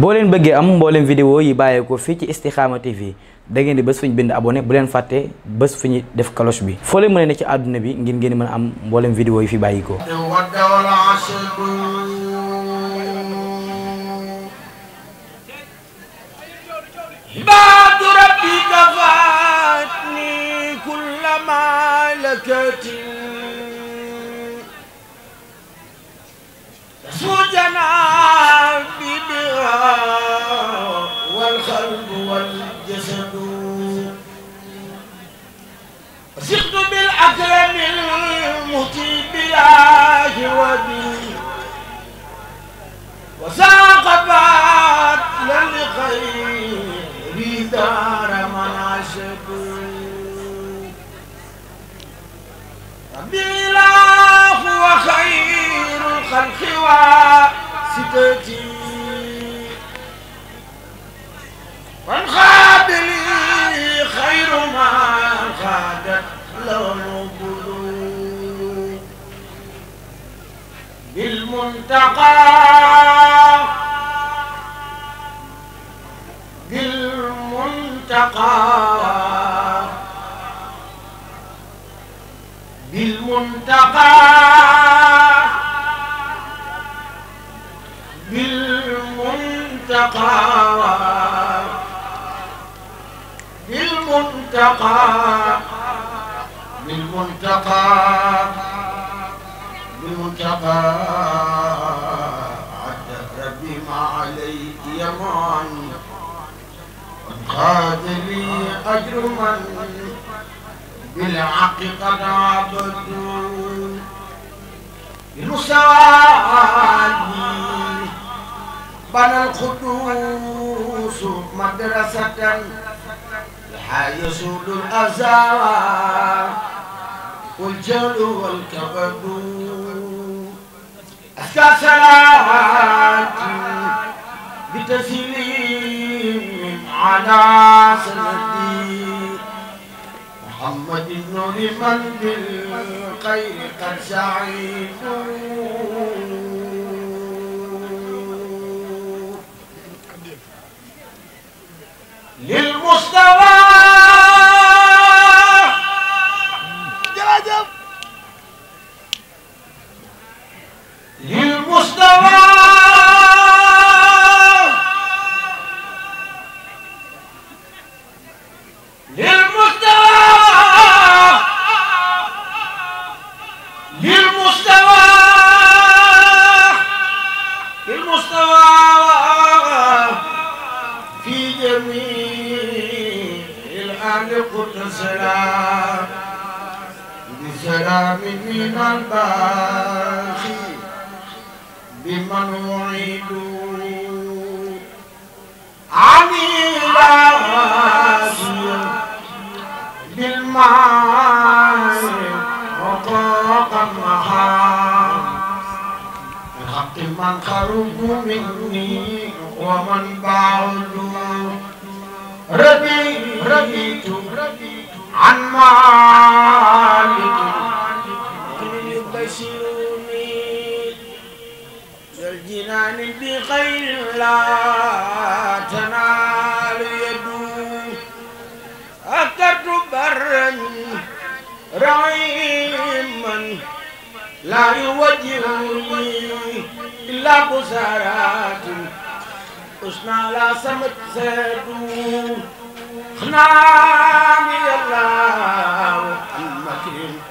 boo leen bëggee am mbooleem vidéo yi bàyyeekoo fii ci Istikhama TV da ngeen di bés fu ñu bind abonné bu leen fàttee bés fu def cloche bi foo leen mën a ne ci àdduna bi ngir ngeen mën am mbooleem vidéo yi fi bàyyikoo baatu جناب بها والقلب والجسد صدق بالأكرم المطيع بالله وبي وساق بات للخير دار من عشق بلا هو خير الخلق وستتي وانخاد لي خير ما انخادت له البلوغ بالمنتقى بالمنتقى بالمنتقى بالمنتقى بالمنتقى بالمنتقى بالمنتقى عد ربي ما عليك يمان وانقاد لي أجر من بالحق قد عبدوا المساعدين بنى القدوس مدرسة لحي يسود الأزار والجهل والكبد أزكى صلاتي بتسليم على سنتي محمد بن لمن بالخير قد سعيد للمستوى للمستوى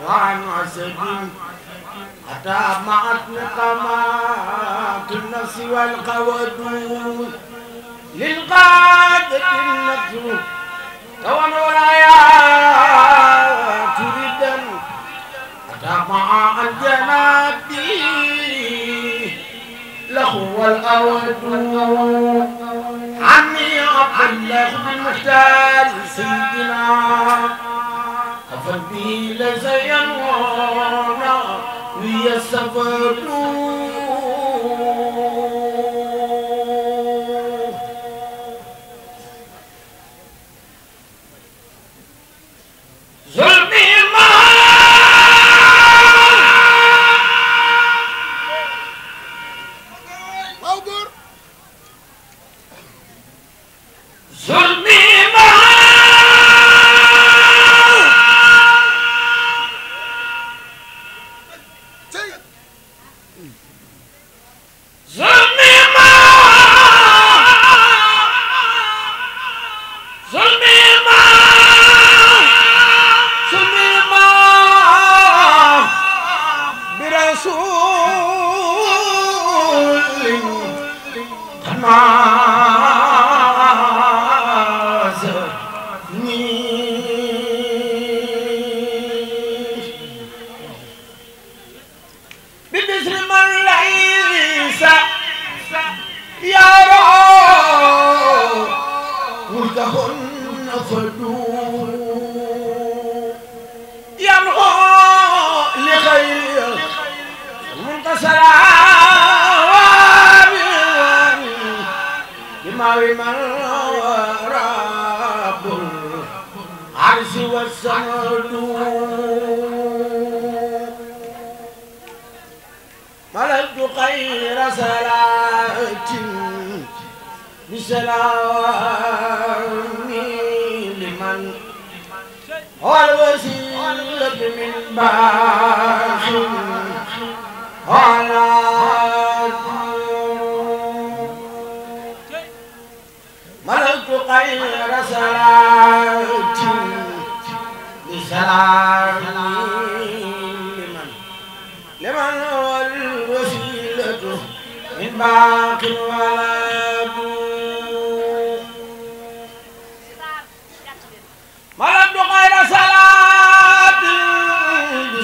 عن عسدي حتى معت نقمات النفس والقود للقادة النفس كون ولايات ردا حتى مع الجناب لهو الأود عني عبد الله بن مختار سيدنا قد لزينونا ليستفادوا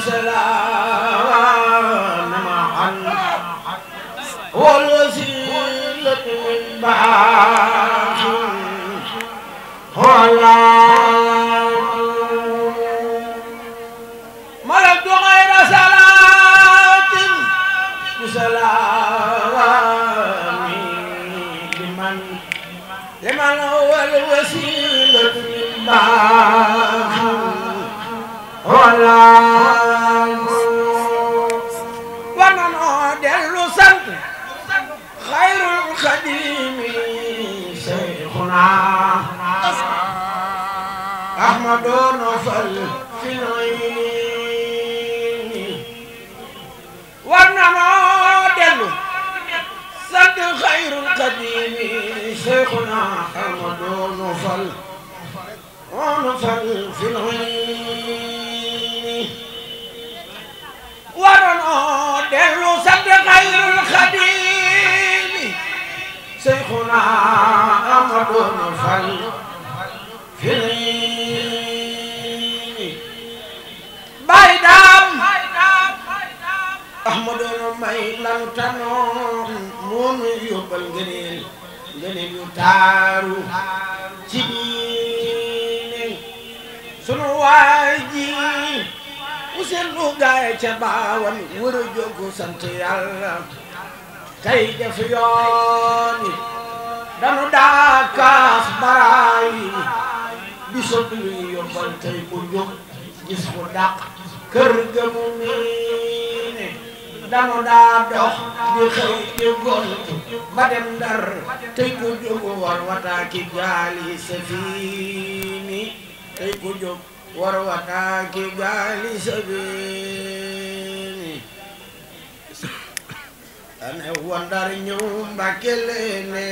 والسلام معا والوسيلة من بعد هو الله ملكت غير صلاة بسلامي لمن لمن هو الوسيلة من بعد هو الله أحمد نفل في العين ونمادل سد خير القديم شيخنا أحمد نفل ونفل في العين ونمادل سد خير القديم شيخنا أمر فل فيني بايدام أحمد ماي لان تنون مون يوبل غنيل غنيل تارو جيني سنو واجي وسلو غاي تباوان ورجوكو سنت يالله tey def yoon yi danu daakaas baraay yi bisub luy yombal tey bu jóg gis bu dàq kër ga mu miine danu daa dox di xëy di gont ba dem ndar tey ku jóg war wataaki gaali safiini tey ku jóg war wataaki gaali safiini tane wandar ñëw Mbàkke leene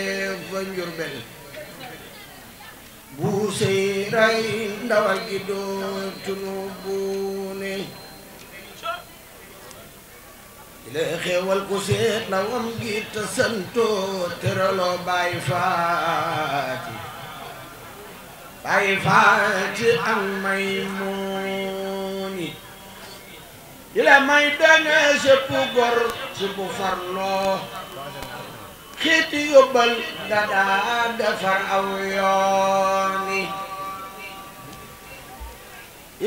fa Njurbel bu sey ndawal gi dootunu buune le xewal ku seet na wam gi te santoo Baay Faati Baay Faati am may moom ila may danga sëpp gor sëpp farloo xiiti yóbbal da daa defar aw yooni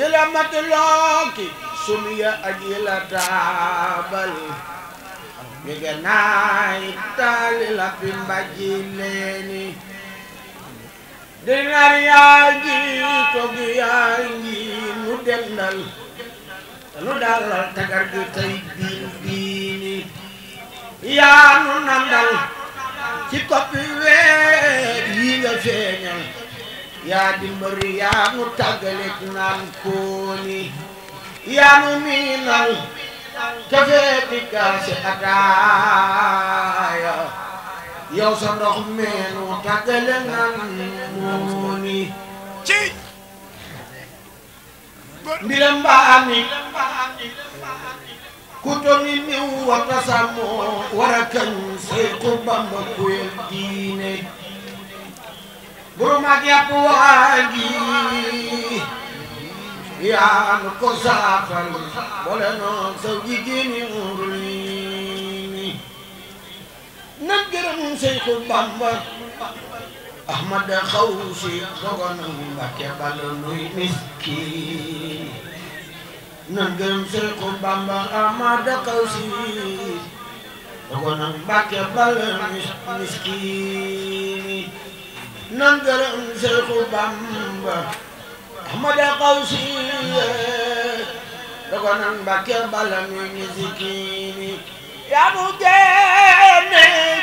ila mat looki sum ya ak ila taabal yege naay taali la pi leeni dinar yaa ji tog yaa ngi nu nu dalal tagar gi tey biin biini yaa nu nandal ci koppi weer yi nga feeñal yaa di yaa nu tàggalik naan yaa nu miinal cafee di gaasi ataaya yow sa ndox meenu tàggale naan mbiram mbaani ku toni niw wata sàmmoo wara kañ Seexu Bamba kuyel diine buru mag yàpp waagi yaa nu ko saafal boole noon sa jigéeni urlini nan gërëm Seexu Bamba ahmad xawsi dogoon Mbàkke bal nuy miskiin nan gërëm Seexu Bamba ahmad xawsi dogoon Mbàkke nan gërëm Seexu Bamba nuy miskiin yaa mu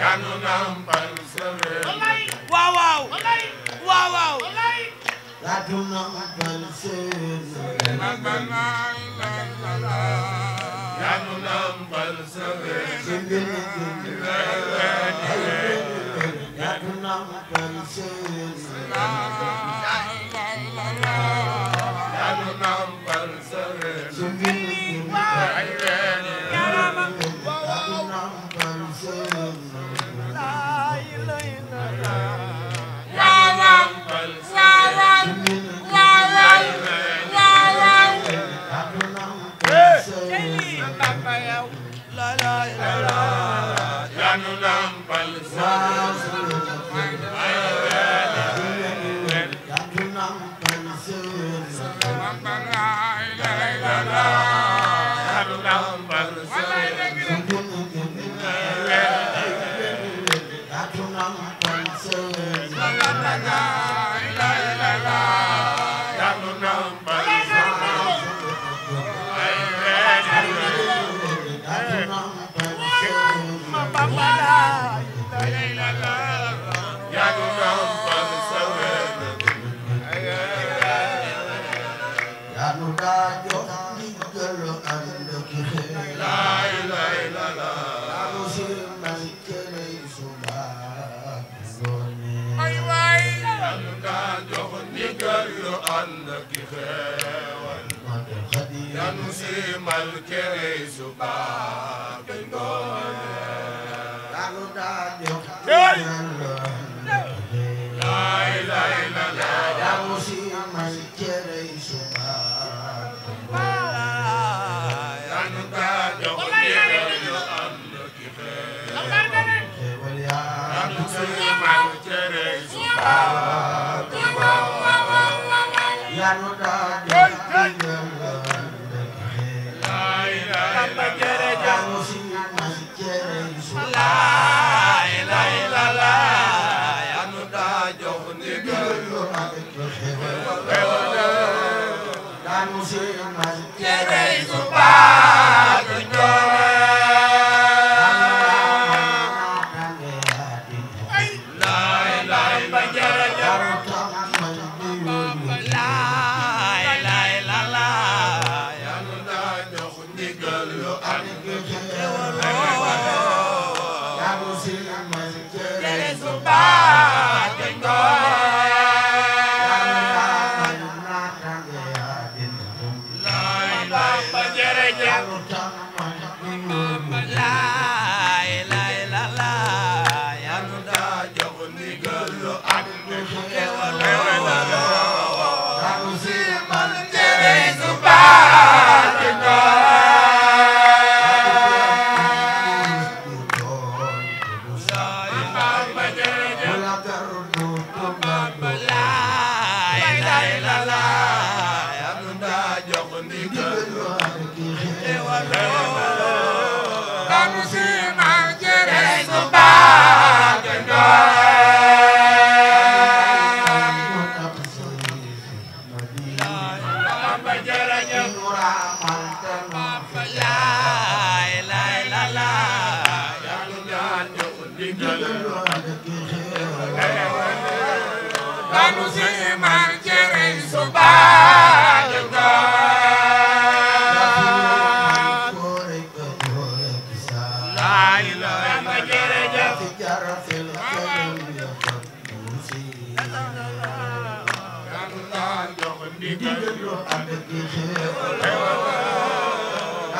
yanu nampal sebe waaw waaw waaw waaw yanu nampal sebe la la la la yanu nampal sebe sebe la la la yanu nampal sebe daanu daa jox ndigal ànd ki xëy laay laay la la daanu si man keney suba zone ay waay daanu daa jox ndigal ànd ki xëy wan daanu si man keney suba daanu silma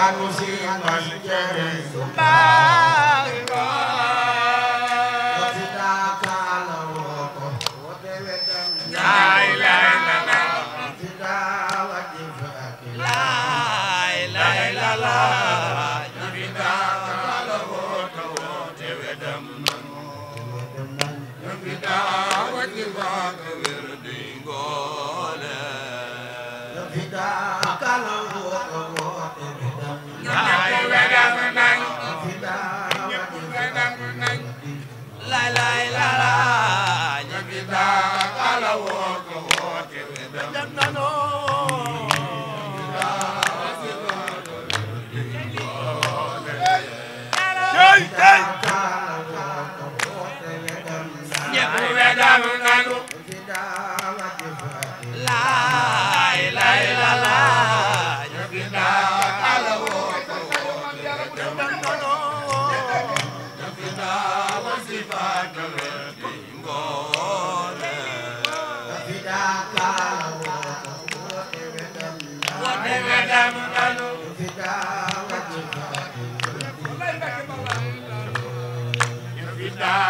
Anusi Anjere Sumba da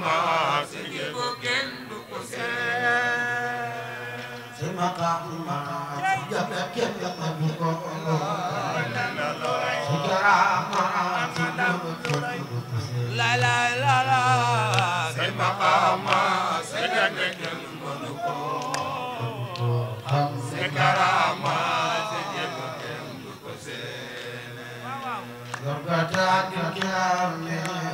maqaama sigi bu kenn du ko seet si maqaama jafe kenn la ñu ko si karaama si bu kenn du ko seet la la la la si maqaama si jafe kenn mënu ko si karaama si bu kenn du ko seet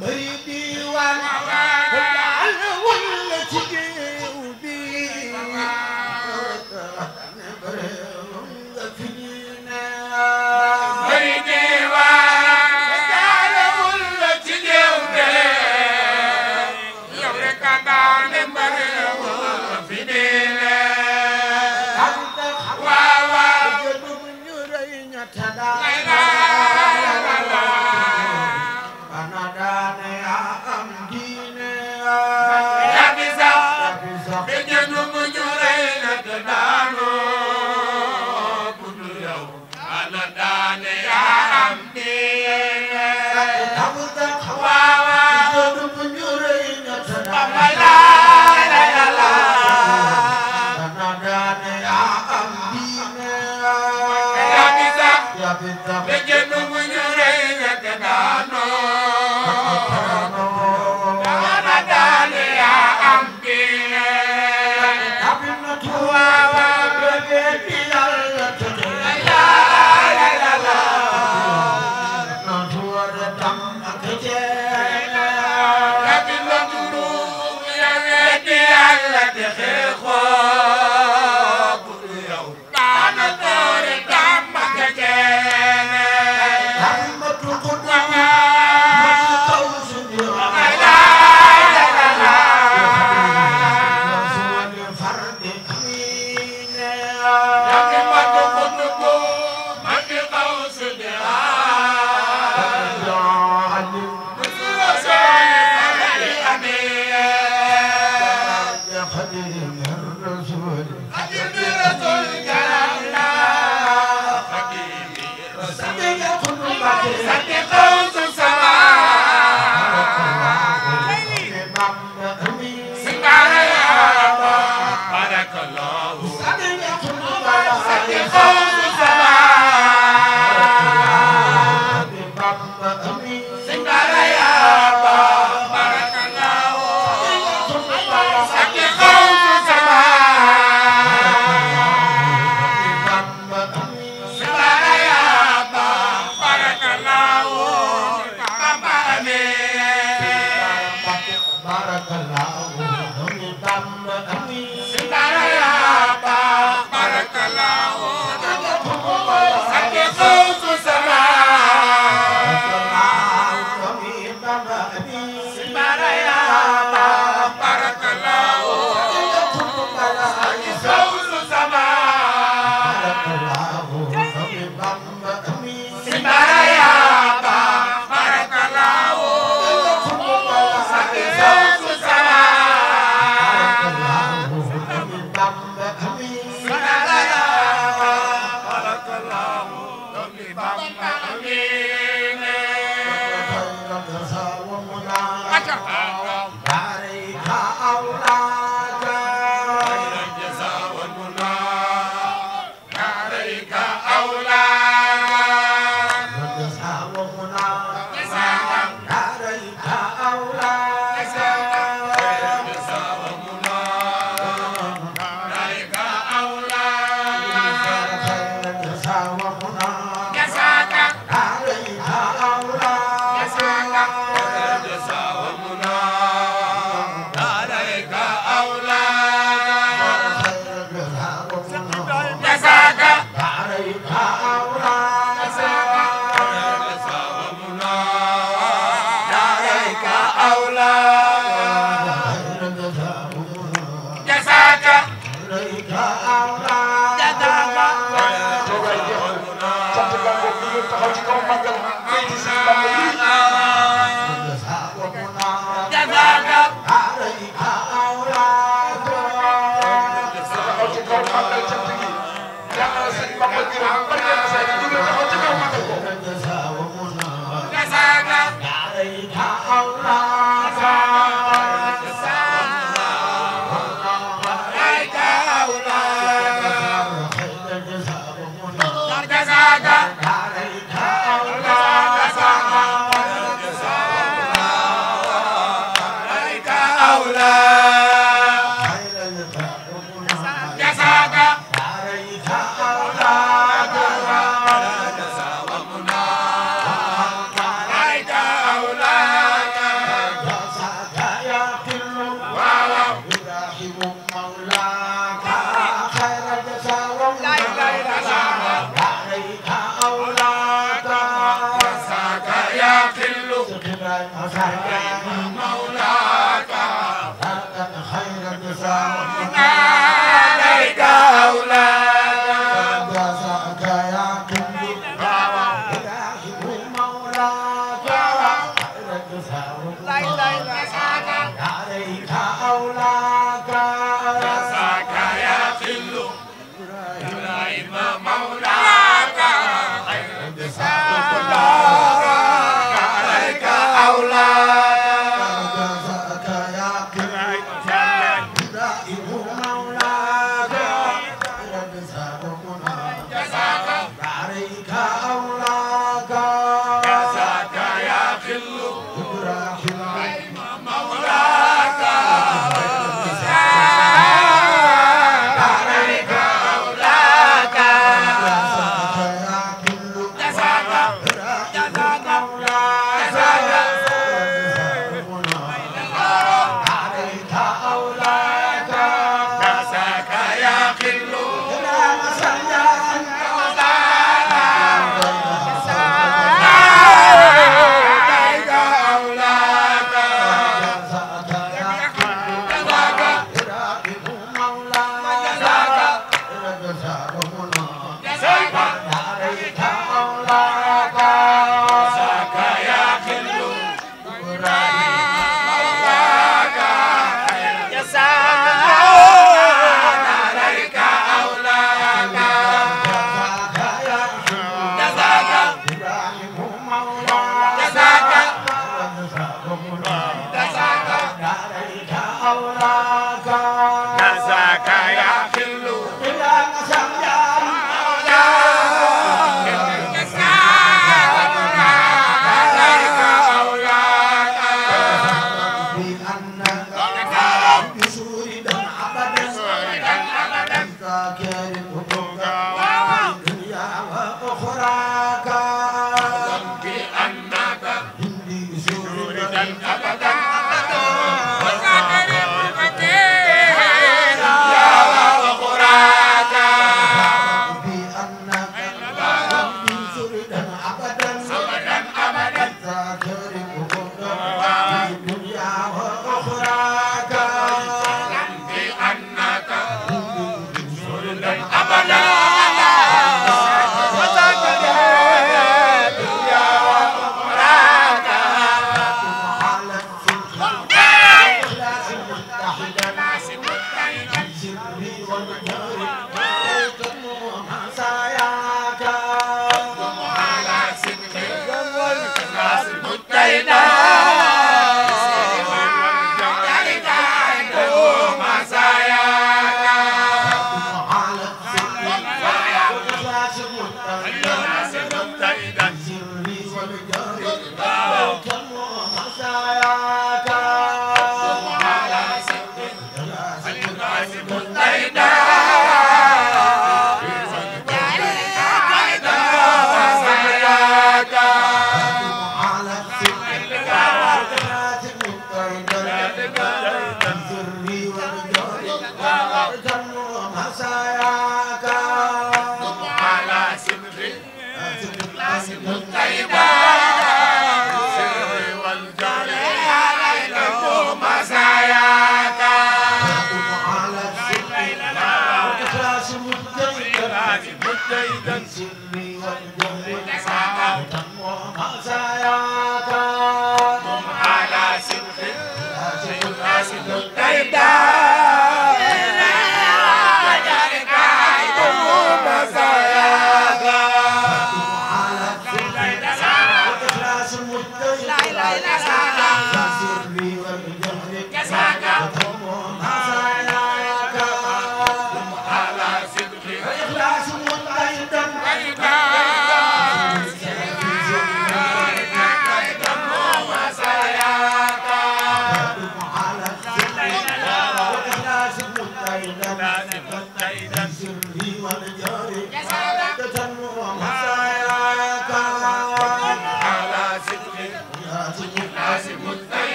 Mbëri diwaan waaw waaw xeex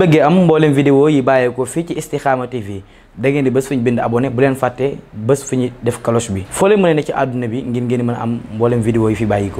ngeen bëggee am mboolem vidéo yi bàyyeekoo fii ci Istikhama TV da ngeen di bés fu ñu bind abone bu leen fàtte bés fu ñu def cloche bi foo leen mën ne ci àdduna bi ngir ngeen mën am mboolem vidéo yi fi bàyyikoo